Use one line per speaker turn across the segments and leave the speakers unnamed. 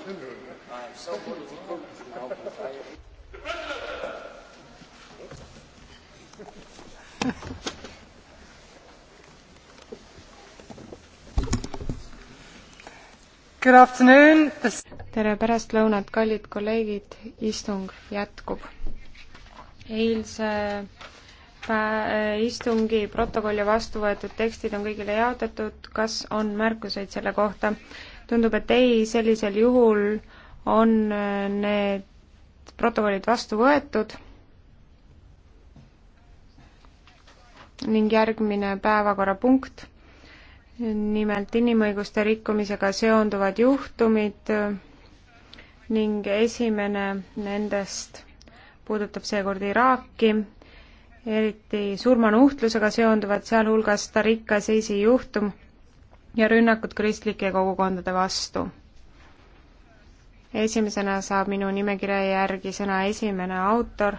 tere pärastlõunat, kallid kolleegid, istung jätkub. eilse äh, istungi protokoll ja vastu võetud tekstid on kõigile jaotatud, kas on märkuseid selle kohta? tundub, et ei, sellisel juhul on äh, need protokollid vastu võetud ning järgmine päevakorrapunkt, nimelt inimõiguste rikkumisega seonduvad juhtumid äh, ning esimene nendest puudutab seekord Iraaki, eriti surmanuhtlusega seonduvad, sealhulgas Tariqa Seisi juhtum ja rünnakud kristlike kogukondade vastu. esimesena saab minu nimekirja järgi sõna esimene autor,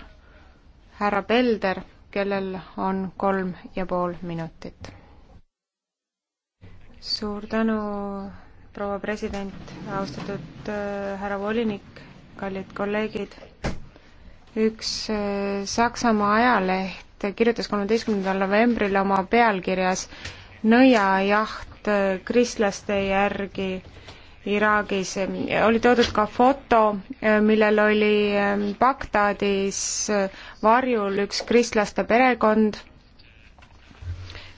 härra Pelder, kellel on kolm ja pool minutit. suur tänu, proua president, austatud äh, härra volinik, kallid kolleegid. üks äh, Saksamaa ajaleht kirjutas kolmeteistkümnendal novembril oma pealkirjas nõiajaht rünnakud äh, kristlaste järgi Iraagis. Ähm, oli toodud ka foto, äh, millel oli ähm, Bagdadis äh, varjul üks kristlaste perekond,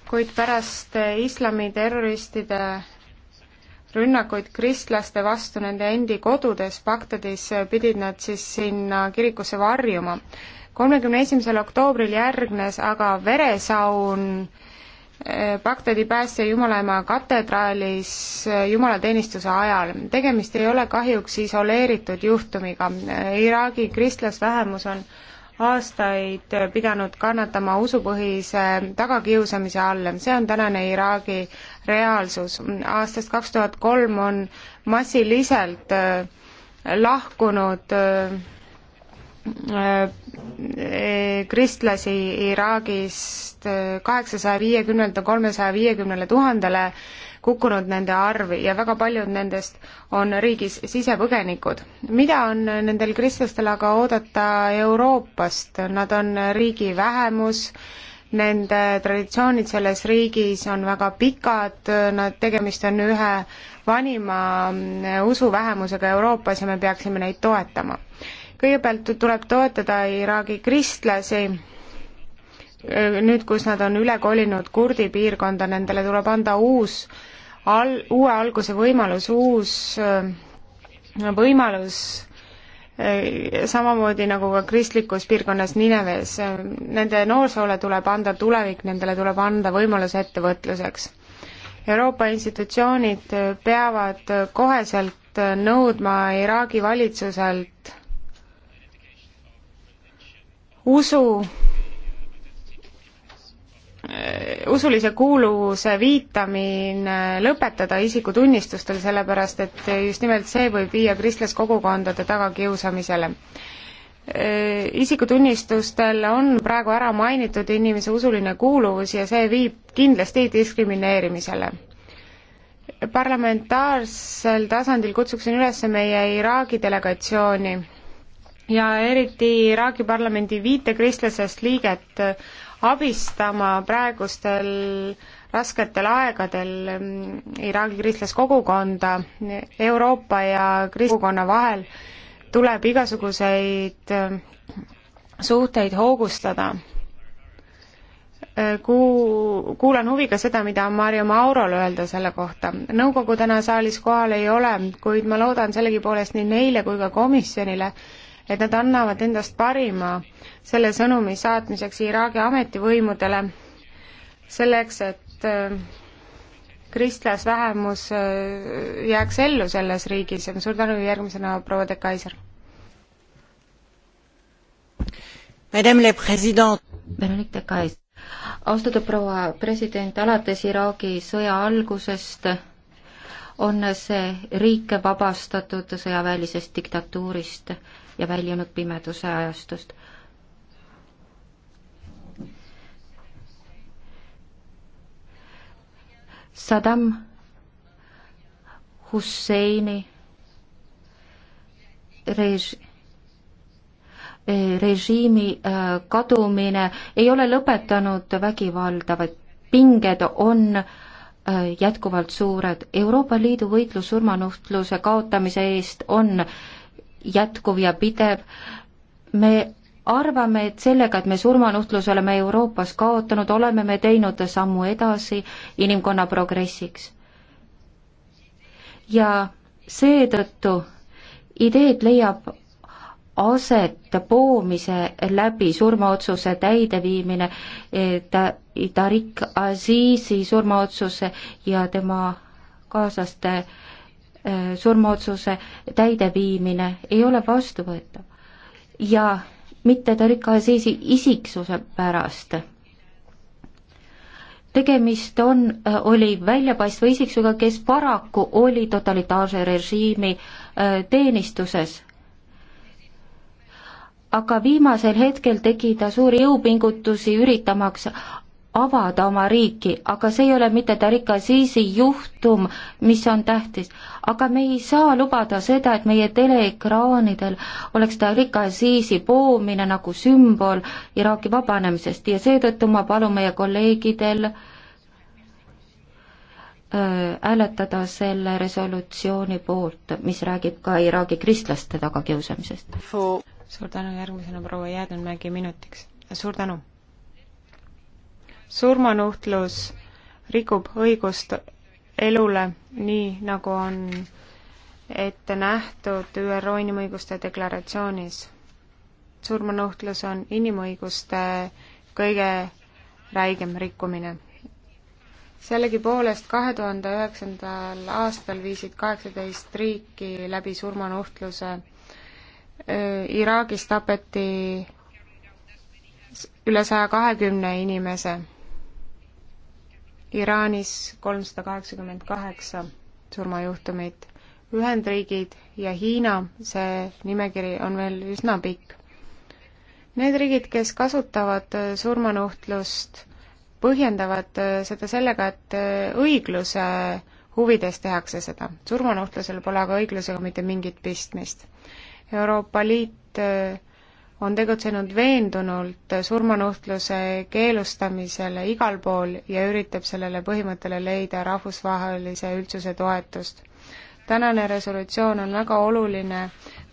kuid pärast islamiterroristide rünnakuid kristlaste vastu nende endi kodudes Bagdadis pidid nad siis sinna kirikusse varjuma. kolmekümne esimesel oktoobril järgnes aga veresaun äh, Bagdadi päästja Jumalaema katedraalis eh, jumalateenistuse ajal. tegemist ei ole kahjuks isoleeritud juhtumiga. Iraagi kristlasvähemus on aastaid pidanud kannatama usupõhise tagakiusamise all, see on tänane Iraagi reaalsus. aastast kaks tuhat kolm on massiliselt eh, lahkunud eh, Äh, kristlasi Iraagist kaheksasaja viiekümnelt on kolmesaja viiekümnele tuhandele kukkunud nende arv ja väga paljud nendest on riigis sisepõgenikud. mida on nendel kristlastel aga oodata Euroopast, nad on riigi vähemus, nende traditsioonid selles riigis on väga pikad, nad, tegemist on ühe vanima äh, usuvähemusega Euroopas ja me peaksime neid toetama kõigepealt tuleb toetada Iraagi kristlasi, äh, nüüd, kus nad on üle kolinud kurdi piirkonda, nendele tuleb anda uus al-, uue alguse võimalus, uus äh, võimalus äh, samamoodi nagu ka kristlikus piirkonnas Nineves. Nende noorsoole tuleb anda tulevik, nendele tuleb anda võimalus ettevõtluseks. Euroopa institutsioonid peavad koheselt nõudma Iraagi valitsuselt usu usulise kuuluvuse viitamine lõpetada isikutunnistustel, sellepärast et just nimelt see võib viia kristlaskogukondade tagakiusamisele. Isikutunnistustel on praegu ära mainitud inimese usuline kuuluvus ja see viib kindlasti diskrimineerimisele. parlamentaarsel tasandil kutsuksin üles meie Iraagi delegatsiooni ja eriti Iraagi parlamendi viite kristlasest liiget abistama praegustel rasketel aegadel mm, Iraagi kristlaskogukonda Euroopa ja kristkogukonna vahel tuleb igasuguseid mm, suhteid hoogustada. Kuu-, kuulan huviga seda, mida on Marju Maurol öelda selle kohta. nõukogu täna saalis kohal ei ole, kuid ma loodan sellegipoolest nii neile kui ka komisjonile, et nad annavad endast parima selle sõnumi saatmiseks Iraagi ametivõimudele, selleks, et äh, kristlasvähemus äh, jääks ellu selles riigis ja suur tänu järgmisena, proua de Kaiser.
Veronique de Kaiser, austatud proua president, alates Iraagi sõja algusest on see riik vabastatud sõjaväelisest diktatuurist ja väljunud pimeduse ajastust. Saddam Husseini rež-, eh, režiimi eh, kadumine ei ole lõpetanud vägivalda, vaid pinged on eh, jätkuvalt suured. Euroopa Liidu võitlus surmanuhtluse kaotamise eest on jätkuv ja pidev. me arvame, et sellega, et me surmanuhtluse oleme Euroopas kaotanud, oleme me teinud sammu edasi inimkonna progressiks. ja seetõttu ideed leiab aset poomise läbi surmaotsuse täideviimine, ta, Tarik Azizi surmaotsuse ja tema kaaslaste äh, surmaotsuse täideviimine ei ole vastuvõetav. ja mitte Tarik Azizi isiksuse pärast. tegemist on, äh, oli väljapaistva isiksusega, kes paraku oli totalitaarse režiimi äh, teenistuses aga viimasel hetkel tegi ta suuri jõupingutusi, üritamaks avada oma riiki, aga see ei ole mitte Tarika Zizi juhtum, mis on tähtis. aga me ei saa lubada seda, et meie teleekraanidel oleks Tarika Zizi poomine nagu sümbol Iraagi vabanemisest ja seetõttu ma palun meie kolleegidel äh, hääletada selle resolutsiooni poolt, mis räägib ka Iraagi kristlaste tagakiusamisest.
suur tänu, järgmisena proua Jäädenmägi minutiks. suur tänu surmanuhtlus rikub õigust elule, nii nagu on ette nähtud ÜRO inimõiguste deklaratsioonis. surmanuhtlus on inimõiguste kõige räigem rikkumine sellegipoolest kahe tuhande üheksandal aastal viisid kaheksateist riiki läbi surmanuhtluse. Iraagis tapeti üle saja kahekümne inimese. Iraanis kolmsada kaheksakümmend kaheksa surmajuhtumit. Ühendriigid ja Hiina, see nimekiri on veel üsna pikk. Need riigid, kes kasutavad äh, surmanuhtlust, põhjendavad äh, seda sellega, et äh, õigluse huvides tehakse seda. surmanuhtlusel pole aga õiglusega mitte mingit pistmist. Euroopa Liit on tegutsenud veendunult surmanuhtluse keelustamisele igal pool ja üritab sellele põhimõttele leida rahvusvahelise üldsuse toetust. tänane resolutsioon on väga oluline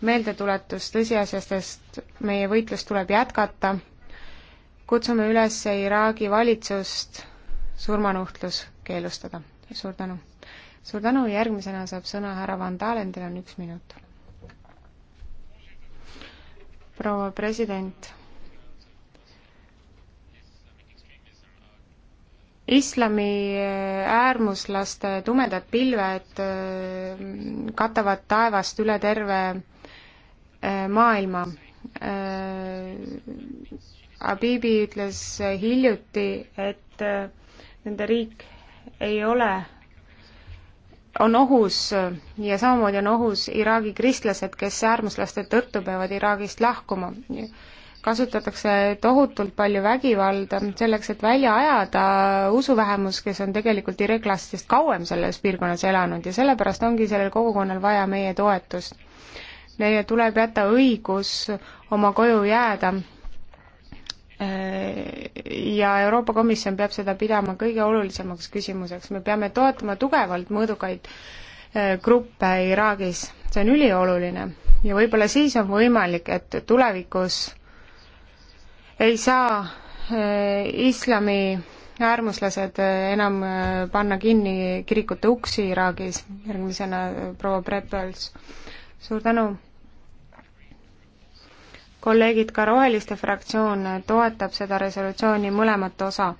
meeldetuletus tõsiasjastest, meie võitlust tuleb jätkata, kutsume üles Iraagi valitsust surmanuhtlus keelustada. suur tänu! suur tänu, järgmisena saab sõna härra Van Dalen, teil on üks minut proua president. islami äh, äärmuslaste tumedad pilved äh, katavad taevast üle terve äh, maailma. Abibi ütles hiljuti, et nende riik ei ole on ohus ja samamoodi on ohus Iraagi kristlased, kes äärmuslaste tõttu peavad Iraagist lahkuma. kasutatakse tohutult palju vägivalda selleks, et välja ajada usuvähemus, kes on tegelikult iraklastest kauem selles piirkonnas elanud ja sellepärast ongi sellel kogukonnal vaja meie toetust. Neile tuleb jätta õigus oma koju jääda ja Euroopa Komisjon peab seda pidama kõige olulisemaks küsimuseks, me peame toetama tugevalt mõõdukaid äh, gruppe Iraagis, see on ülioluline. ja võib-olla siis on võimalik, et tulevikus ei saa äh, islami äärmuslased äh, enam panna kinni kirikute uksi Iraagis, järgmisena proua Brepels. suur tänu! kolleegid, ka Roheliste fraktsioon toetab seda resolutsiooni mõlemat osa.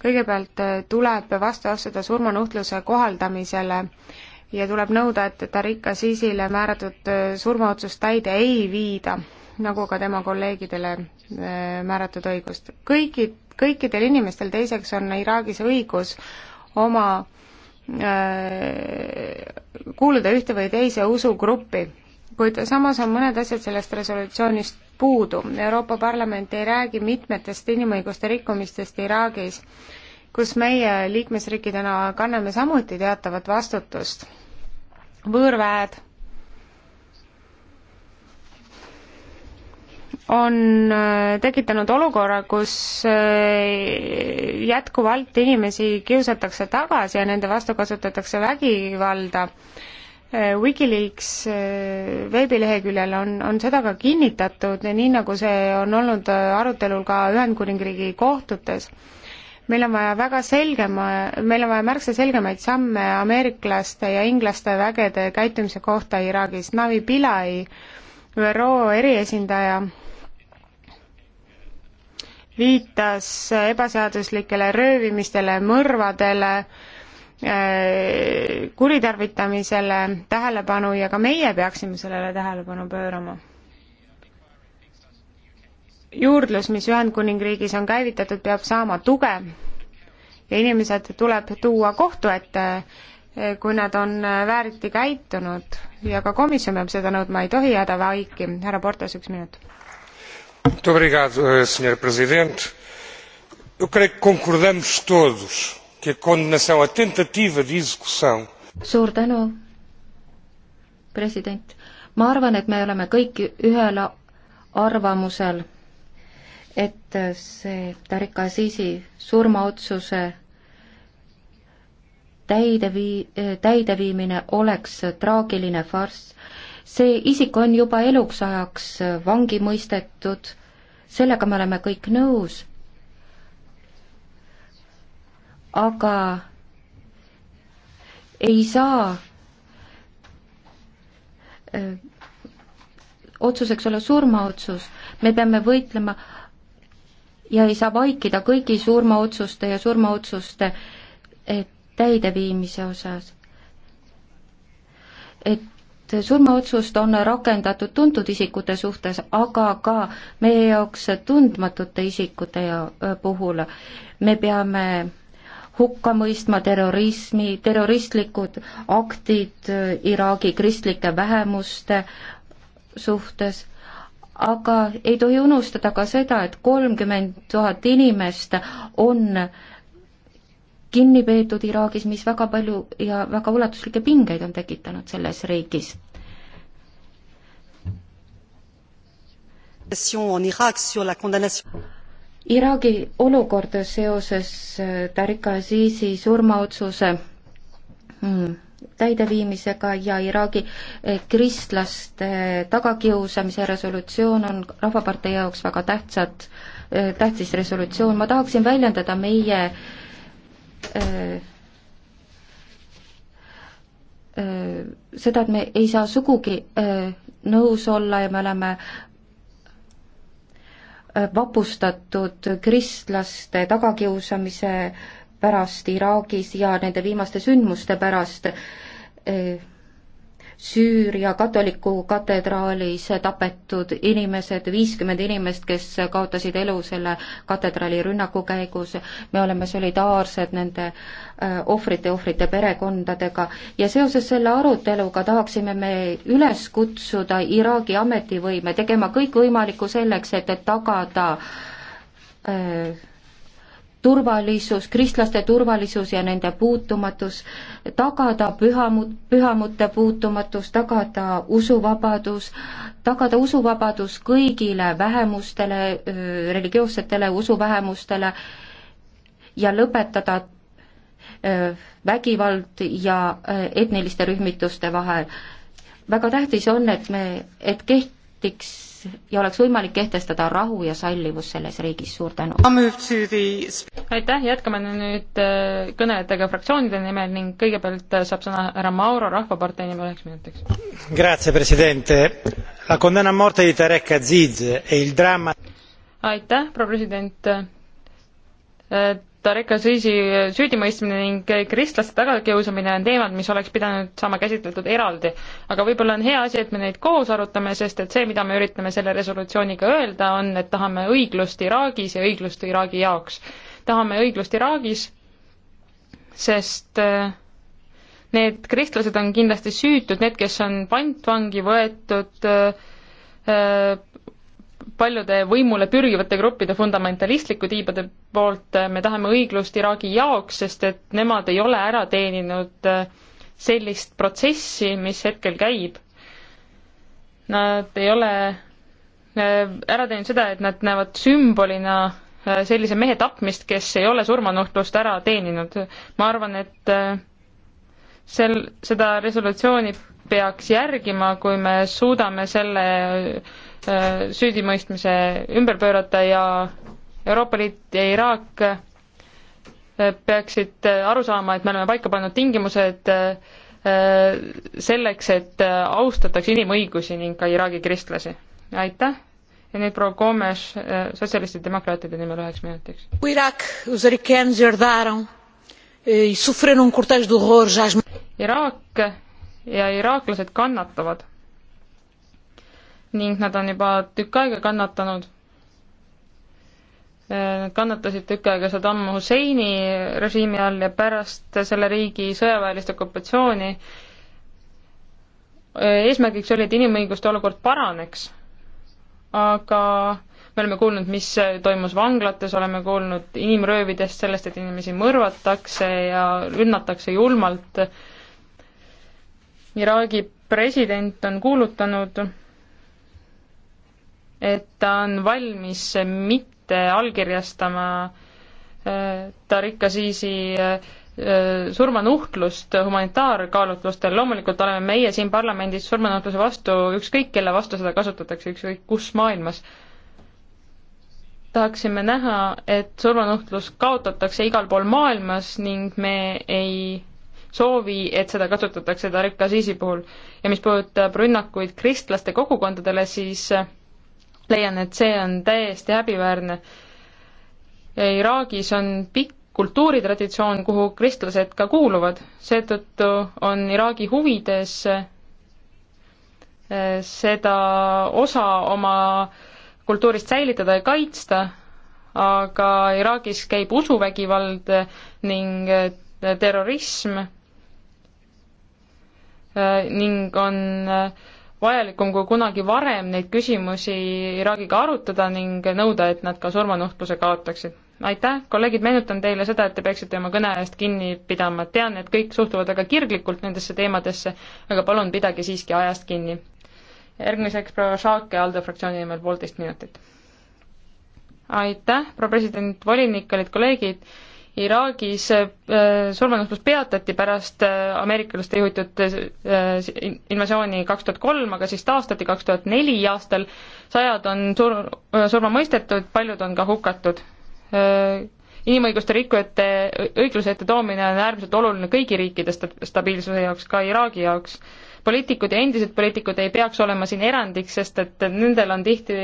kõigepealt äh, tuleb vastu astuda surmanuhtluse kohaldamisele ja tuleb nõuda, et Tariq Azizile määratud äh, surmaotsust täide ei viida, nagu ka tema kolleegidele äh, määratud õigust. kõigid, kõikidel inimestel teiseks on Iraagis õigus oma äh, kuuluda ühte või teise usugruppi kuid samas on mõned asjad sellest resolutsioonist puudu. Euroopa Parlament ei räägi mitmetest inimõiguste rikkumistest Iraagis, kus meie liikmesriikidena kanname samuti teatavat vastutust. võõrväed on äh, tekitanud olukorra, kus äh, jätkuvalt inimesi kiusatakse tagasi ja nende vastu kasutatakse vägivalda Äh, Wikileaks äh, veebileheküljel on, on seda ka kinnitatud, nii nagu see on olnud äh, arutelul ka Ühendkuningriigi kohtutes. meil on vaja väga selgema, meil on vaja märksa selgemaid samme ameeriklaste ja inglaste vägede käitumise kohta Iraagis. Navi Pillai, ÜRO eriesindaja, viitas ebaseaduslikele röövimistele, mõrvadele, Äh, kuritarvitamisele tähelepanu ja ka meie peaksime sellele tähelepanu pöörama. juurdlus, mis Ühendkuningriigis on käivitatud, peab saama tuge ja inimesed tuleb tuua kohtu ette, äh, kui nad on äh, vääriti käitunud ja ka komisjon peab seda nõudma, ei tohi jääda vaiki. härra Portas, üks minut.
Muito obrigado, eh, senhor presidente. Eu creio que concordamos todos que a condenação, a tentativa de execução. suur tänu, president. ma arvan, et me oleme kõik ühel arvamusel, et see Tarik Azizi surmaotsuse täidevii-, täideviimine oleks traagiline farss. see isik on juba eluks ajaks vangi mõistetud, sellega me oleme kõik nõus aga ei saa öö, äh, otsuseks olla surmaotsus, me peame võitlema ja ei saa vaikida kõigi surmaotsuste ja surmaotsuste äh, täideviimise osas. et surmaotsust on rakendatud tuntud isikute suhtes, aga ka meie jaoks tundmatute isikute ja, äh, puhul me peame hukka mõistma terrorismi, terroristlikud aktid äh, Iraagi kristlike vähemuste suhtes, aga ei tohi unustada ka seda, et kolmkümmend tuhat inimest on kinni peetud Iraagis, mis väga palju ja väga ulatuslikke pingeid on tekitanud selles riigis.
en Irak sur la condamnation
Iraagi olukord seoses äh, Tariqa Azizi surmaotsuse hmm, täideviimisega ja Iraagi äh, kristlaste äh, tagakiusamise resolutsioon on Rahvapartei jaoks väga tähtsad, tähtis resolutsioon, ma tahaksin väljendada meie äh, äh, seda, et me ei saa sugugi äh, nõus olla ja me oleme vapustatud kristlaste tagakiusamise pärast Iraagis ja nende viimaste sündmuste pärast Süüria katoliku katedraalis tapetud inimesed, viiskümmend inimest, kes kaotasid elu selle katedraali rünnaku käigus, me oleme solidaarsed nende äh, ohvrite, ohvrite perekondadega ja seoses selle aruteluga tahaksime me üles kutsuda Iraagi ametivõime tegema kõik võimalikku selleks, et tagada öö, äh, turvalisus, kristlaste turvalisus ja nende puutumatus, tagada pühamut, pühamute puutumatus, tagada usuvabadus, tagada usuvabadus kõigile vähemustele, religioossetele usuvähemustele ja lõpetada vägivald ja etniliste rühmituste vahel. väga tähtis on, et me, et keht-, kehtiks ja oleks võimalik kehtestada rahu ja sallivus selles riigis, suur tänu!
aitäh, jätkame nüüd äh, kõnedega fraktsioonide nimel ning kõigepealt äh, saab sõna härra Mauro Rahvapartei nimel üheks minutiks. E aitäh, proua president! Äh, Tarek Azizi süüdimõistmine ning kristlaste tagakiusamine on teemad, mis oleks pidanud saama käsitletud eraldi. aga võib-olla on hea asi, et me neid koos arutame, sest et see, mida me üritame selle resolutsiooniga öelda, on, et tahame õiglust Iraagis ja õiglust Iraagi jaoks. tahame õiglust Iraagis, sest äh, need kristlased on kindlasti süütud, need, kes on pantvangi võetud, äh, äh, paljude võimule pürgivate gruppide fundamentalistliku tiibade poolt, äh, me tahame õiglust Iraagi jaoks, sest et nemad ei ole ära teeninud äh, sellist protsessi, mis hetkel käib. Nad ei ole äh, ära teinud seda, et nad näevad sümbolina sellise mehe tapmist, kes ei ole surmanuhtlust ära teeninud. ma arvan, et sel, seda resolutsiooni peaks järgima, kui me suudame selle Äh, süüdimõistmise ümber pöörata ja Euroopa Liit ja Iraak äh, peaksid äh, aru saama, et me oleme paika pannud tingimused selleks, et austatakse inimõigusi ning ka Iraagi kristlasi. aitäh ja nüüd proua Gomes sotsialistide demokraatide nimel üheks minutiks. Eh, e um Iraak ja iraaklased kannatavad ning nad on juba tükk aega kannatanud. Äh, nad kannatasid tükk aega Saddam Husseini režiimi all ja pärast selle riigi sõjaväelist okupatsiooni äh, eesmärgiks oli, et inimõiguste olukord paraneks, aga me oleme kuulnud, mis toimus vanglates, oleme kuulnud inimröövidest, sellest, et inimesi mõrvatakse ja rünnatakse julmalt. Iraagi president on kuulutanud et ta on valmis mitte allkirjastama äh, Tarik Azizi äh, äh, surmanuhtlust humanitaarkaalutlustel, loomulikult oleme meie siin parlamendis surmanuhtluse vastu, ükskõik kelle vastu seda kasutatakse, ükskõik kus maailmas. tahaksime näha, et surmanuhtlus kaotatakse igal pool maailmas ning me ei soovi, et seda kasutatakse Tarik Azizi puhul. ja mis puudutab rünnakuid kristlaste kogukondadele, siis leian, et see on täiesti häbiväärne. Iraagis on pikk kultuuritraditsioon, kuhu kristlased ka kuuluvad, seetõttu on Iraagi huvides eh, seda osa oma kultuurist säilitada ja kaitsta, aga Iraagis käib usuvägivald ning eh, terrorism eh, ning on äh, vajalikum kui kunagi varem neid küsimusi Iraagiga arutada ning nõuda, et nad ka surmanuhtluse kaotaksid. aitäh, kolleegid, meenutan teile seda, et te peaksite oma kõne eest kinni pidama, tean, et kõik suhtuvad väga kirglikult nendesse teemadesse, aga palun pidage siiski ajast kinni. järgmiseks proua Šaake Aldo fraktsiooni nimel poolteist minutit. aitäh, proua president, volinik, kallid kolleegid Iraagis äh, surmanuhtlus peatati pärast äh, ameeriklaste juhitud äh, invasiooni kaks tuhat kolm, aga siis taastati kaks tuhat neli aastal. sajad on sur-, surma mõistetud, paljud on ka hukatud. inimõiguste rikkujate õigluse ette toomine on äärmiselt oluline kõigi riikide stabiilsuse jaoks, ka Iraagi jaoks. poliitikud ja endised poliitikud ei peaks olema siin erandiks, sest et nendel on tihti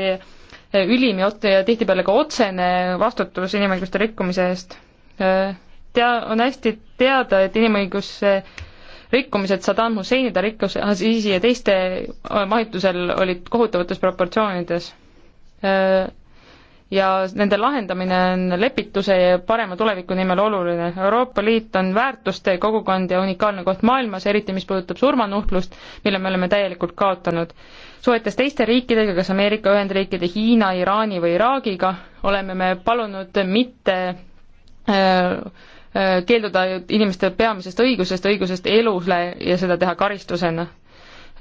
ülim ja tihtipeale ka otsene vastutus inimõiguste rikkumise eest Äh, tea-, on hästi teada, et inimõiguse rikkumised Saddam Husseini, ta rikkus Azizi ja teiste majutusel äh, olid kohutavates proportsioonides. Äh, ja nende lahendamine on lepituse ja parema tuleviku nimel oluline. Euroopa Liit on väärtuste kogukond ja unikaalne koht maailmas, eriti mis puudutab surmanuhtlust, mille me oleme täielikult kaotanud. suhetes teiste riikidega, kas Ameerika Ühendriikide, Hiina, Iraani või Iraagiga, oleme me palunud mitte Äh, äh, keelduda inimeste peamisest õigusest, õigusest elule ja seda teha karistusena.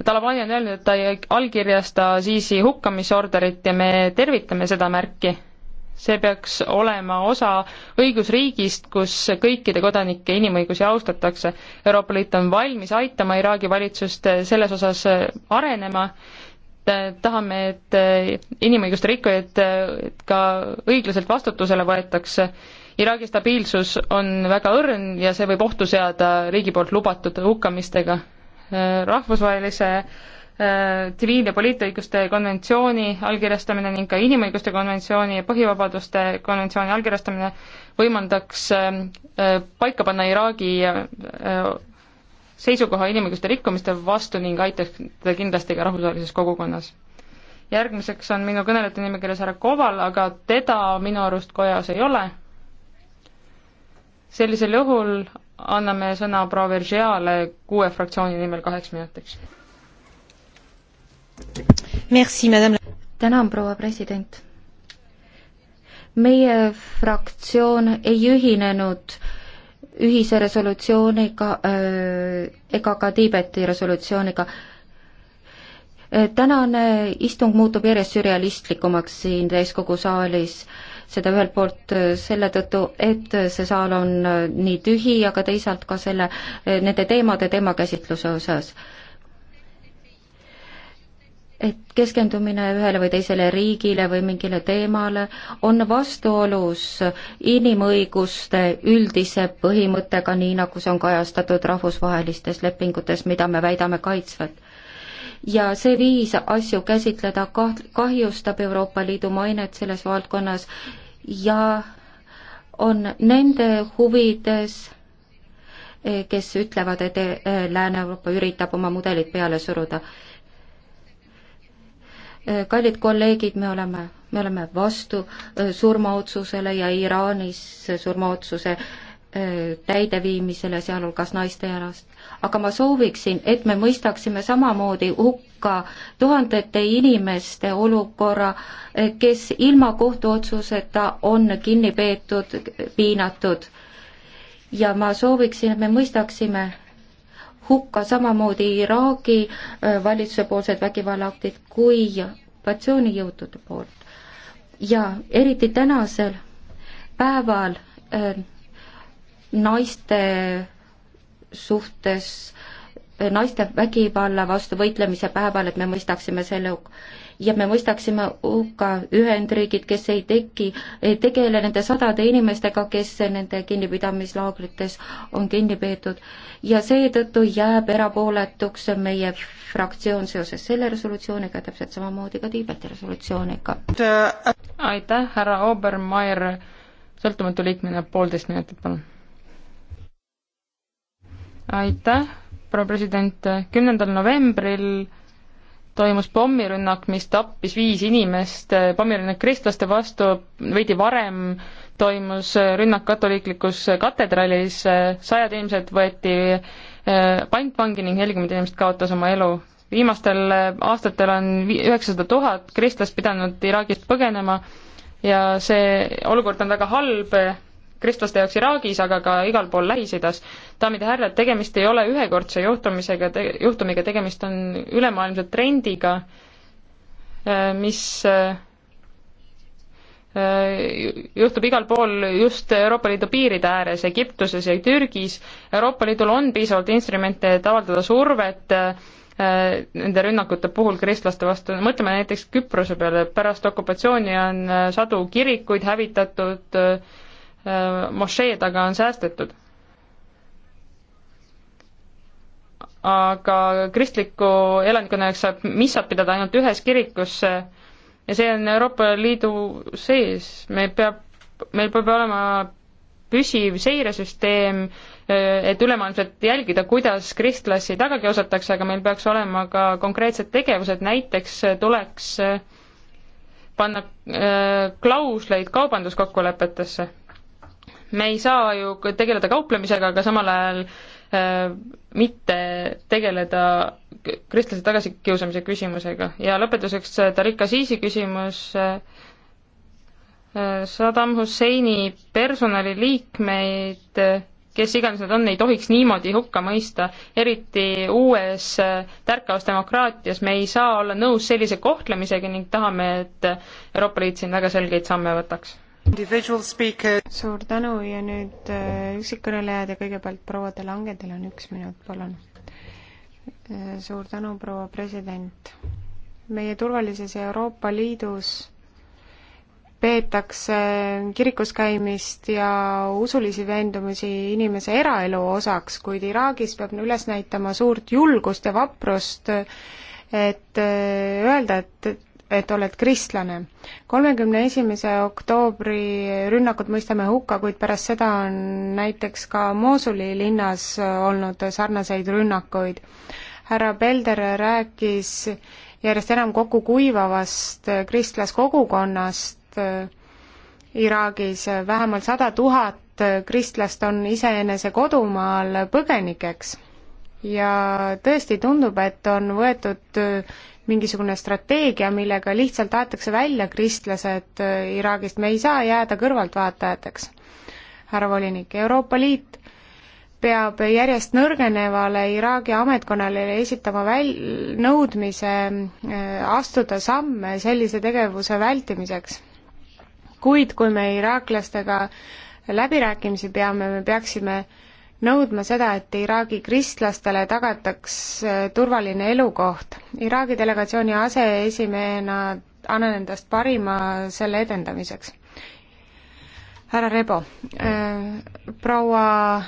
Talabani on öelnud, et ta ei allkirjasta Sisi hukkamisorderit ja me tervitame seda märki. see peaks olema osa õigusriigist, kus kõikide kodanike inimõigusi austatakse. Euroopa Liit on valmis aitama Iraagi valitsust selles osas arenema tahame, et inimõiguste rikkujad ka õiglaselt vastutusele võetakse Iraagi stabiilsus on väga õrn ja see võib ohtu seada riigi poolt lubatud hukkamistega. Äh, rahvusvahelise äh, tsiviil- ja poliitõiguste konventsiooni allkirjastamine ning ka inimõiguste konventsiooni ja põhivabaduste konventsiooni allkirjastamine võimaldaks äh, paika panna Iraagi seisukoha inimõiguste rikkumiste vastu ning aitaks teda kindlasti ka rahvusvahelises kogukonnas. järgmiseks on minu kõnelejate nimekirjas härra Koval, aga teda minu arust kojas ei ole sellisel juhul anname sõna proua Vergeale kuue fraktsiooni nimel kaheks minutiks.
tänan, proua president. meie fraktsioon ei ühinenud ühise resolutsiooniga ega ka Tiibeti resolutsiooniga tänane istung muutub järjest sürrealistlikumaks siin täiskogu saalis seda ühelt poolt äh, selle tõttu, et äh, see saal on äh, nii tühi, aga teisalt ka selle, nende teemade teemakäsitluse osas. et keskendumine ühele või teisele riigile või mingile teemale on vastuolus inimõiguste üldise põhimõttega, nii nagu see on kajastatud rahvusvahelistes lepingutes, mida me väidame kaitsvat ja see viis asju käsitleda kaht-, kahjustab Euroopa Liidu mainet selles valdkonnas ja on nende huvides, eh, kes ütlevad, et eh, Lääne-Euroopa üritab oma mudelit peale suruda. Eh, kallid kolleegid, me oleme, me oleme vastu surmaotsusele ja Iraanis surmaotsuse täideviimisele, sealhulgas naiste ja laste aga ma sooviksin, et me mõistaksime samamoodi hukka tuhandete inimeste olukorra, kes ilma kohtuotsuseta on kinni peetud, piinatud. ja ma sooviksin, et me mõistaksime hukka samamoodi Iraagi äh, valitsusepoolsed vägivallaaktid kui okupatsioonijõudude poolt. ja eriti tänasel päeval äh, naiste suhtes naiste vägivalla vastu võitlemise päeval, et me mõistaksime selle ja me mõistaksime hukka Ühendriigid, kes ei teki, ei tegele nende sadade inimestega, kes nende kinnipidamislaagrites on kinni peetud. ja seetõttu jääb erapooletuks meie fraktsioon seoses selle resolutsiooniga, täpselt samamoodi ka Tiibeti resolutsiooniga.
aitäh, härra Obermeier,
sõltumatu liikmena poolteist minutit, palun
aitäh, proua president, kümnendal novembril toimus pommirünnak, mis tappis viis inimest, pommirünnak kristlaste vastu, veidi varem toimus rünnak katoliiklikus katedralis, sajad inimesed võeti eh, pantvangi ning nelikümmend inimest kaotas oma elu. viimastel eh, aastatel on üheksasada tuhat kristlast pidanud Iraagist põgenema ja see olukord on väga halb, kristlaste jaoks Iraagis, aga ka igal pool Lähis-Idas. daamid ja härrad, tegemist ei ole ühekordse juhtumisega te,, juhtumiga, tegemist on ülemaailmse trendiga, äh, mis äh, äh, juhtub igal pool just Euroopa Liidu piiride ääres, Egiptuses ja Türgis. Euroopa Liidul on piisavalt instrumente, et avaldada survet nende rünnakute puhul kristlaste vastu, mõtleme näiteks Küprose peale, pärast okupatsiooni on sadu kirikuid hävitatud, Äh, mošee taga on säästetud. aga kristliku elanikkonna jaoks saab missat pidada ainult ühes kirikus ja see on Euroopa Liidu sees, meil peab, meil peab olema püsiv seiresüsteem, äh, et ülemaailmselt jälgida, kuidas kristlasi taga kiusatakse, aga meil peaks olema ka konkreetsed tegevused, näiteks äh, tuleks panna klausleid kaubanduskokkulepetesse me ei saa ju tegeleda kauplemisega, aga samal ajal äh, mitte tegeleda kristlaste tagasikiusamise küsimusega. ja lõpetuseks äh, Tarika Siisi küsimus äh, äh,, Saddam Husseini personaliliikmeid äh, kes iganes nad on, ei tohiks niimoodi hukka mõista, eriti uues äh, tärkavas demokraatias me ei saa olla nõus sellise kohtlemisega ning tahame, et Euroopa Liit siin väga selgeid samme võtaks
suur tänu ja nüüd äh, üksikkõnelejad ja kõigepealt proua De Lange, teil on üks minut, palun. Äh, suur tänu, proua president. meie turvalises Euroopa Liidus peetakse kirikus käimist ja usulisi veendumusi inimese eraelu osaks, kuid Iraagis peab üles näitama suurt julgust ja vaprust, et äh, öelda, et et oled kristlane. kolmekümne esimese oktoobri rünnakud mõistame hukka, kuid pärast seda on näiteks ka Mosuli linnas olnud sarnaseid rünnakuid. härra Pelder rääkis järjest enam kokku kuivavast kristlaskogukonnast äh, Iraagis, vähemalt sada tuhat kristlast on iseenese kodumaal põgenikeks ja tõesti tundub, et on võetud äh, mingisugune strateegia, millega lihtsalt aetakse välja kristlased äh, Iraagist, me ei saa jääda kõrvaltvaatajateks, härra volinik, Euroopa Liit peab järjest nõrgenevale Iraagi ametkonnale esitama väl-, nõudmise äh, astuda samme sellise tegevuse vältimiseks. kuid kui me iraaklastega läbirääkimisi peame, me peaksime äh, nõudma seda, et Iraagi kristlastele tagataks äh, turvaline elukoht. Iraagi delegatsiooni aseesimehena annan endast parima selle edendamiseks. härra Rebo, äh, proua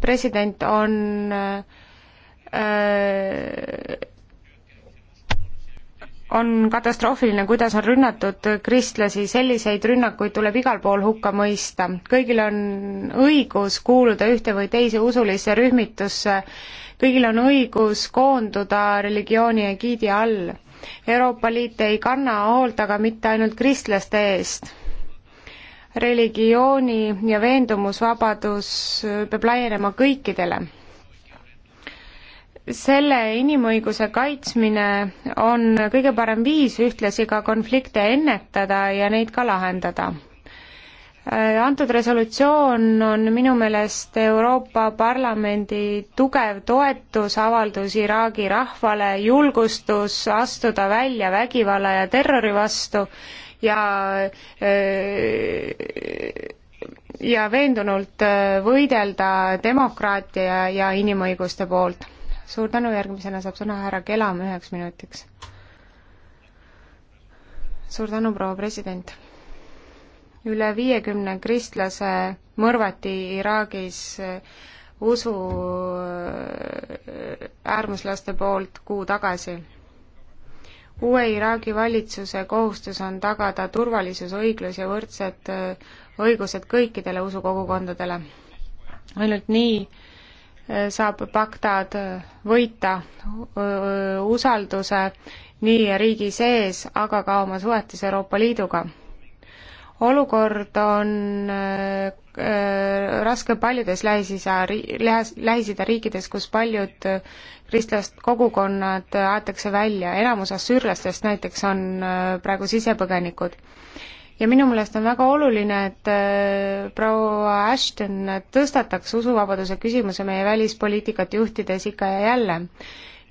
president on äh, on katastroofiline, kuidas on rünnatud kristlasi, selliseid rünnakuid tuleb igal pool hukka mõista. kõigil on õigus kuuluda ühte või teise usulisse rühmitusse, kõigil on õigus koonduda religiooni egiidi all. Euroopa Liit ei kanna hoolt aga mitte ainult kristlaste eest. religiooni ja veendumusvabadus peab laienema kõikidele selle inimõiguse kaitsmine on kõige parem viis ühtlasi ka konflikte ennetada ja neid ka lahendada. Äh, antud resolutsioon on minu meelest Euroopa Parlamendi tugev toetusavaldus Iraagi rahvale, julgustus astuda välja vägivalla ja terrori vastu ja äh, ja veendunult äh, võidelda demokraatia ja inimõiguste poolt suur tänu, järgmisena saab sõna härra Kelam üheks minutiks. suur tänu, proua president. üle viiekümne kristlase mõrvati Iraagis eh, usu eh, äärmuslaste poolt kuu tagasi. uue Iraagi valitsuse kohustus on tagada turvalisus, õiglus ja võrdsed eh, õigused kõikidele usukogukondadele. ainult nii saab Bagdad võita usalduse nii riigi sees, aga ka oma suhetes Euroopa Liiduga. olukord on äh, raske paljudes Lähis-Isa, Lähis-Ida riikides, kus paljud kristlast kogukonnad aetakse välja, enamus assüürlastest näiteks on äh, praegu sisepõgenikud ja minu meelest on väga oluline, et äh, proua Ashton tõstataks usuvabaduse küsimuse meie välispoliitikat juhtides ikka ja jälle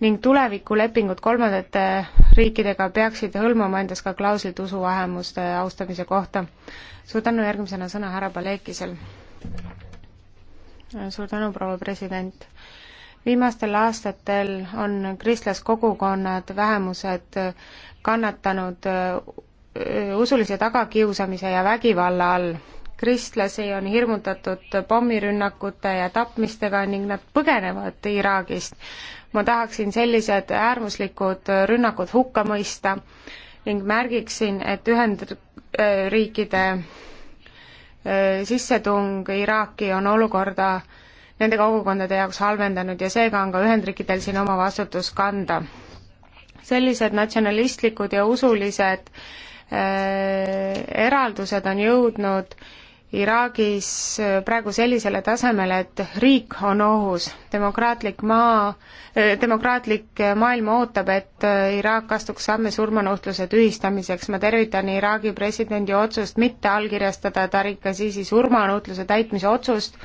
ning tulevikulepingud kolmandate riikidega peaksid hõlmama endas ka klauslit usuvähemuste austamise kohta. suur tänu, järgmisena sõna härra Palekisel. suur tänu, proua president. viimastel aastatel on kristlaskogukonnad, vähemused kannatanud äh, Äh, usulise tagakiusamise ja vägivalla all. kristlasi on hirmutatud pommirünnakute ja tapmistega ning nad põgenevad Iraagist. ma tahaksin sellised äärmuslikud rünnakud hukka mõista ning märgiksin, et Ühendriikide äh, sissetung Iraaki on olukorda nende kogukondade jaoks halvendanud ja seega on ka Ühendriikidel siin oma vastutus kanda. sellised natsionalistlikud ja usulised äh, Äh, eraldused on jõudnud Iraagis äh, praegu sellisele tasemele, et riik on ohus, demokraatlik maa, äh, demokraatlik maailm ootab, et Iraak astuks samme surmanuhtluse tühistamiseks. ma tervitan Iraagi presidendi otsust mitte allkirjastada Tariq Azizi surmanuhtluse täitmise otsust,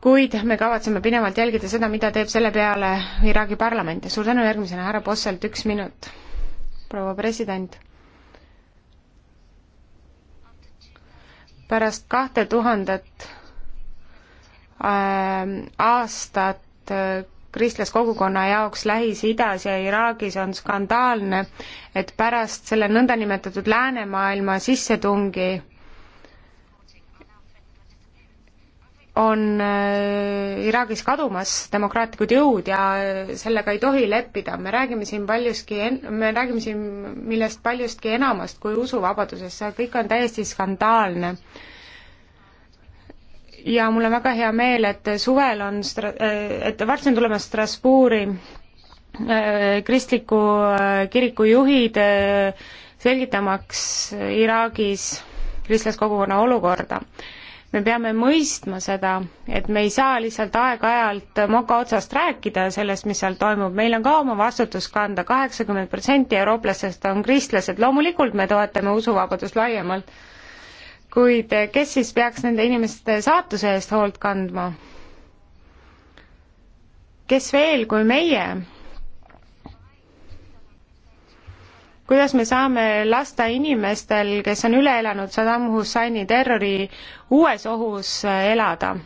kuid me kavatseme pidevalt jälgida seda, mida teeb selle peale Iraagi parlament ja suur tänu järgmisena, härra Posselt, üks minut. proua president pärast kahte tuhandet ähm, aastat äh, kristlaskogukonna jaoks Lähis-Idas ja Iraagis on skandaalne, et pärast selle nõndanimetatud läänemaailma sissetungi on äh, Iraagis kadumas demokraatlikud jõud ja äh, sellega ei tohi leppida, me räägime siin paljuski, me räägime siin millest paljustki enamast kui usuvabadusest, see kõik on täiesti skandaalne. ja mul on väga hea meel, et suvel on stra-, äh, et varsti on tulemas Strasbourgi kristliku kiriku juhid selgitamaks Iraagis kristlaskogukonna olukorda me peame mõistma seda, et me ei saa lihtsalt aeg-ajalt moka otsast rääkida sellest, mis seal toimub, meil on ka oma vastutus kanda, kaheksakümmend protsenti eurooplastest on kristlased, loomulikult me toetame usuvabadust laiemalt, kuid kes siis peaks nende inimeste saatuse eest hoolt kandma? kes veel kui meie? kuidas me saame lasta inimestel, kes on üle elanud Saddam Husseini terrori, uues ohus elada?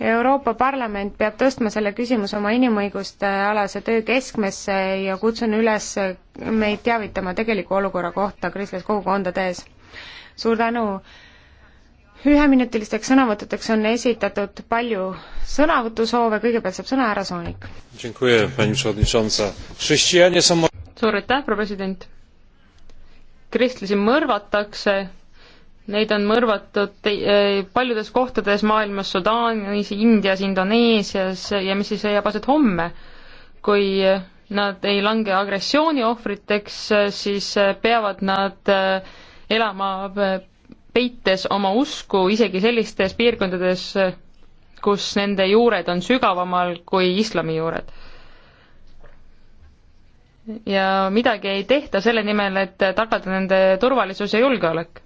Euroopa Parlament peab tõstma selle küsimuse oma inimõiguste alase töö keskmesse ja kutsun üles meid teavitama tegeliku olukorra kohta kristlas kogukondades. suur tänu! üheminutilisteks sõnavõttudeks on esitatud palju
sõnavõtusoove, kõigepealt saab sõna härra Soonik suur aitäh, proua president! kristlasi mõrvatakse, neid on mõrvatud eh, paljudes kohtades maailmas, Sudaanis, Indias, Indoneesias ja mis siis leiab aset homme, kui nad ei lange agressiooni ohvriteks, siis peavad nad eh, elama eh, peites oma usku isegi sellistes piirkondades, kus nende juured on sügavamal kui islami juured ja midagi ei tehta selle nimel, et tagada nende turvalisus ja julgeolek.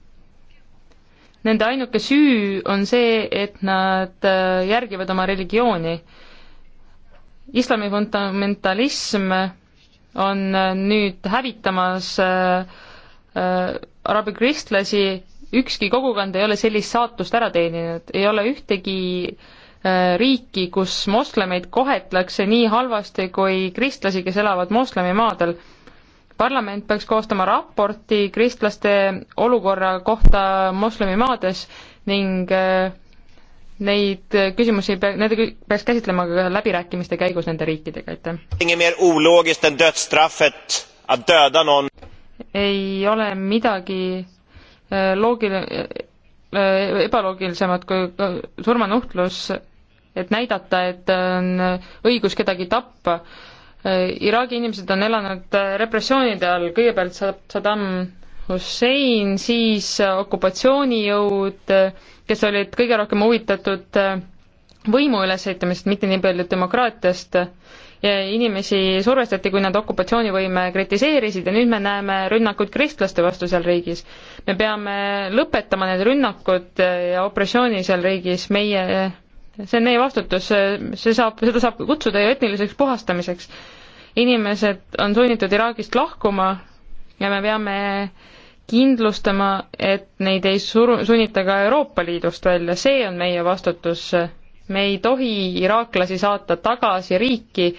Nende ainuke süü on see, et nad äh, järgivad oma religiooni. islami fundamentalism on äh, nüüd hävitamas äh, äh, araabia kristlasi, ükski kogukond ei ole sellist saatust ära teeninud, ei ole ühtegi äh, Äh, riiki, kus moslemeid kohetlakse nii halvasti kui kristlasi, kes elavad moslemimaadel. parlament peaks koostama raporti kristlaste olukorra kohta moslemimaades ning äh, neid küsimusi, neid peaks käsitlema ka läbirääkimiste käigus nende riikidega, aitäh. ei ole midagi äh, loogiline, ebaloogilisem, et kui surmanuhtlus et näidata, et on õigus kedagi tappa. Iraagi inimesed on elanud repressioonide all, kõigepealt Saddam Hussein, siis okupatsioonijõud, kes olid kõige rohkem huvitatud võimu ülesehitamisest, mitte nii palju demokraatiast, ja inimesi survestati, kui nad okupatsioonivõime kritiseerisid ja nüüd me näeme rünnakuid kristlaste vastu seal riigis. me peame lõpetama need rünnakud ja opressiooni seal riigis, meie see on meie vastutus, see saab, seda saab kutsuda ju etniliseks puhastamiseks. inimesed on sunnitud Iraagist lahkuma ja me peame kindlustama, et neid ei suru, sunnita ka Euroopa Liidust välja, see on meie vastutus. me ei tohi iraaklasi saata tagasi riiki,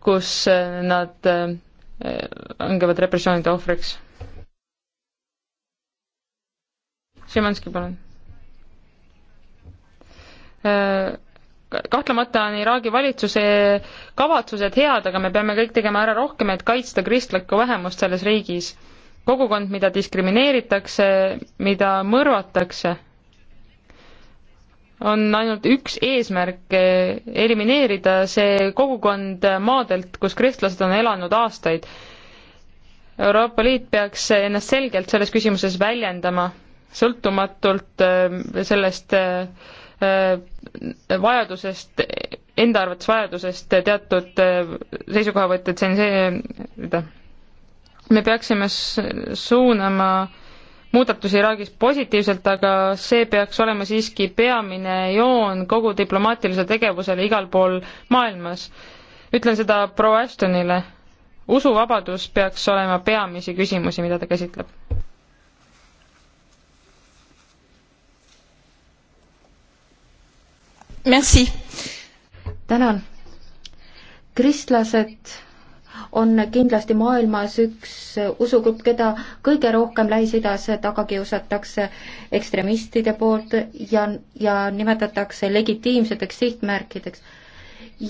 kus nad äh, langevad repressioonide ohvriks. Šimanski, palun Äh, kahtlemata on Iraagi valitsuse kavatsused head, aga me peame kõik tegema ära rohkem, et kaitsta kristlikku vähemust selles riigis. kogukond, mida diskrimineeritakse, mida mõrvatakse, on ainult üks eesmärk, eh, elimineerida see kogukond maadelt, kus kristlased on elanud aastaid. Euroopa Liit peaks ennast selgelt selles küsimuses väljendama, sõltumatult eh, sellest äh, Äh, vajadusest, enda arvates vajadusest teatud äh, seisukohavõtted tsenseerida. me peaksime suunama muudatusi Iraagis positiivselt, aga see peaks olema siiski peamine joon kogu diplomaatilisele tegevusele igal pool maailmas. ütlen seda proua Ashtonile. usuvabadus peaks olema peamisi küsimusi, mida ta käsitleb
tänan. kristlased on kindlasti maailmas üks usugrupp, keda kõige rohkem Lähis-Idas taga kiusatakse ekstremistide poolt ja, ja nimetatakse legitiimseteks sihtmärkideks.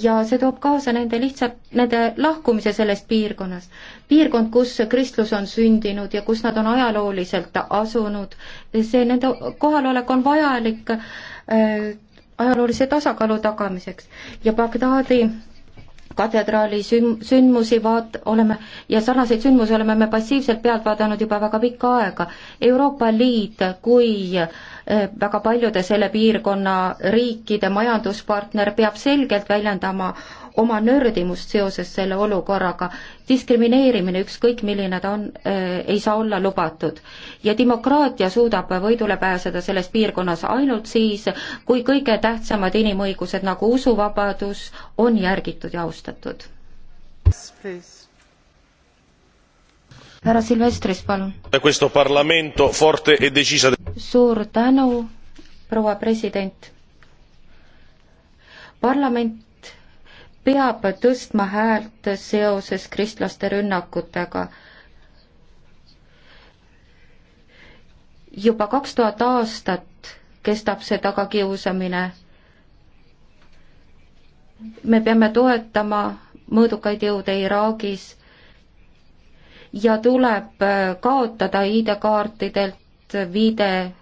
ja see toob kaasa nende lihtsalt, nende lahkumise sellest piirkonnast. piirkond, kus kristlus on sündinud ja kus nad on ajalooliselt asunud, see, nende kohalolek on vajalik äh, ajaloolise tasakaalu tagamiseks ja Bagdaadi katedraali sün-, sündmusi vaat-, oleme, ja sarnaseid sündmusi oleme me passiivselt pealt vaadanud juba väga pikka aega. Euroopa Liit kui eh, väga paljude selle piirkonna riikide majanduspartner peab selgelt väljendama oma nördimust seoses selle olukorraga. diskrimineerimine, ükskõik milline ta on, äh, ei saa olla lubatud. ja demokraatia suudab võidule pääseda selles piirkonnas ainult siis, kui kõige tähtsamad inimõigused nagu usuvabadus on järgitud ja austatud. härra Silvestris, palun. E suur tänu, proua president. parlament peab tõstma häält seoses kristlaste rünnakutega. juba kaks tuhat aastat kestab see tagakiusamine. me peame toetama mõõdukaid jõude Iraagis ja tuleb kaotada ID-kaartidelt viide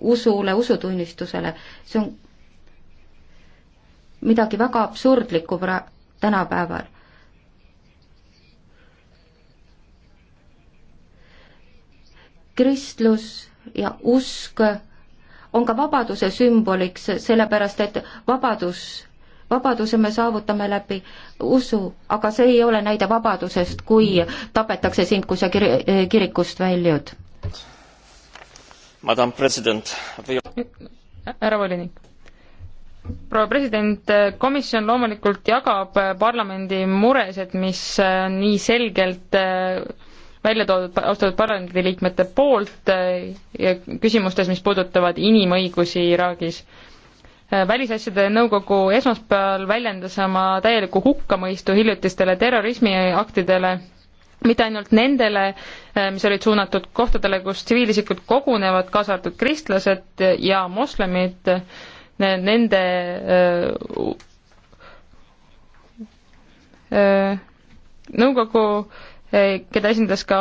usule, usutunnistusele. see on midagi väga absurdlikku pra-, tänapäeval. kristlus ja usk on ka vabaduse sümboliks, sellepärast et vabadus, vabaduse me saavutame läbi usu, aga see ei ole näide vabadusest, kui tapetakse sind, kui sa kir-, kirikust väljud. härra volinik proua
president, komisjon loomulikult jagab äh, parlamendi muresid, mis äh, nii selgelt äh, välja toodud austatud parlamendiliikmete poolt küsimustes, mis puudutavad inimõigusi Iraagis. välisasjade nõukogu esmaspäeval väljendas oma täielikku hukkamõistu hiljutistele terrorismiaktidele, mitte ainult nendele, mis olid suunatud kohtadele, kus tsiviilisikud kogunevad, kaasa arvatud kristlased ja moslemid, nende nõukogu, keda esindas ka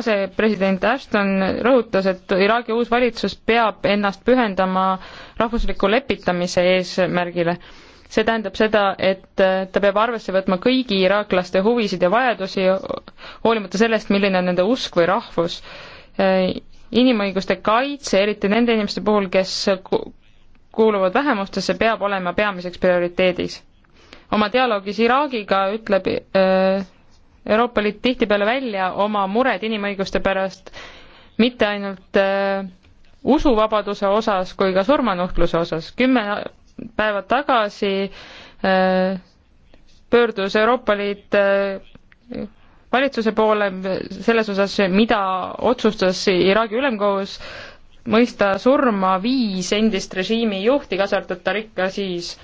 asepresident Ashton, rõhutas, et Iraagi uus valitsus peab ennast pühendama rahvusliku lepitamise eesmärgile. see tähendab seda, et ta peab arvesse võtma kõigi iraaklaste huvisid ja vajadusi, hoolimata sellest, milline on nende usk või rahvus. inimõiguste kaitse, eriti nende inimeste puhul, kes kuuluvad vähemustesse, peab olema peamiseks prioriteediks. oma dialoogis Iraagiga ütleb äh, Euroopa Liit tihtipeale välja oma mured inimõiguste pärast mitte ainult äh, usuvabaduse osas kui ka surmanuhtluse osas. kümme päeva tagasi äh, pöördus Euroopa Liit valitsuse poole selles osas, mida otsustas Iraagi ülemkohus mõista surma viis endist režiimi juhti, kaasa arvatud Tarik Aziz.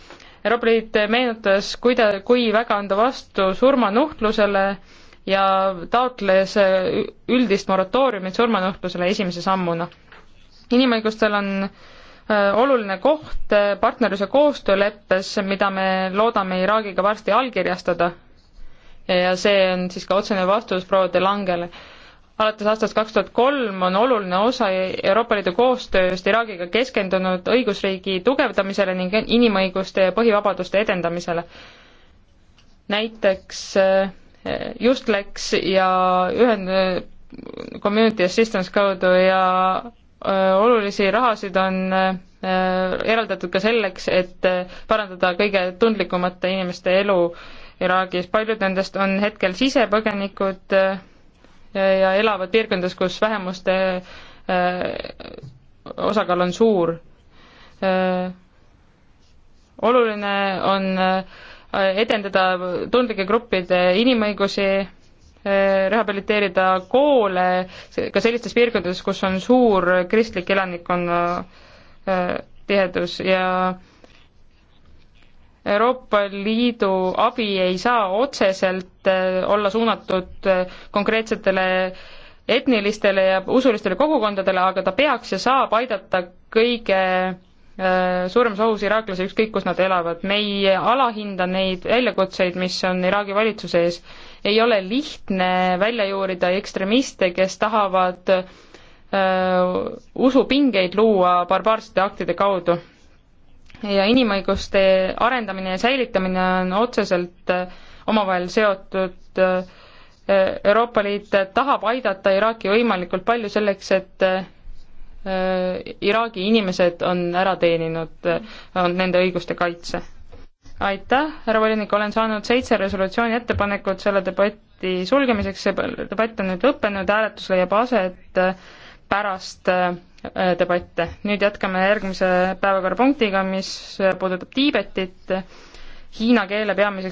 Euroopa Liit meenutas, kuida-, kui väga on ta vastu surmanuhtlusele ja taotles üldist moratooriumit surmanuhtlusele esimese sammuna. inimõigustel on äh, oluline koht äh, partnerluse koostööleppes, mida me loodame Iraagiga varsti allkirjastada. ja see on siis ka otsene vastus proua De Langele alates aastast kaks tuhat kolm on oluline osa Euroopa Liidu koostööst Iraagiga keskendunud õigusriigi tugevdamisele ning inimõiguste ja põhivabaduste edendamisele. näiteks eh, just läks ja ühend-, community assistance kaudu ja eh, olulisi rahasid on eh, eraldatud ka selleks, et parandada kõige tundlikumate inimeste elu Iraagis. paljud nendest on hetkel sisepõgenikud, ja elavad piirkondades, kus vähemuste äh, osakaal on suur. Äh, oluline on äh, edendada tundlike gruppide inimõigusi, rehabiliteerida koole ka sellistes piirkondades, kus on suur kristlik elanikkonna tihedus ja äh, Euroopa Liidu abi ei saa otseselt äh, olla suunatud äh, konkreetsetele etnilistele ja usulistele kogukondadele, aga ta peaks ja saab aidata kõige äh, suuremas ohus iraaklasi, ükskõik kus nad elavad. me ei alahinda neid väljakutseid, mis on Iraagi valitsuse ees. ei ole lihtne välja juurida ekstremiste, kes tahavad öö, usupingeid luua barbaarsete aktide kaudu ja inimõiguste arendamine ja säilitamine on otseselt äh, omavahel seotud. Äh, Euroopa Liit tahab aidata Iraaki võimalikult palju selleks, et äh, Iraagi inimesed on ära teeninud, on nende õiguste kaitse. aitäh, härra volinik, olen saanud seitse resolutsiooni ettepanekut selle debati sulgemiseks, see debatt on nüüd lõppenud, hääletus leiab aset pärast Äh, debatte. nüüd jätkame järgmise päevakorrapunktiga, mis puudutab Tiibetit. Hiina keele peamiseks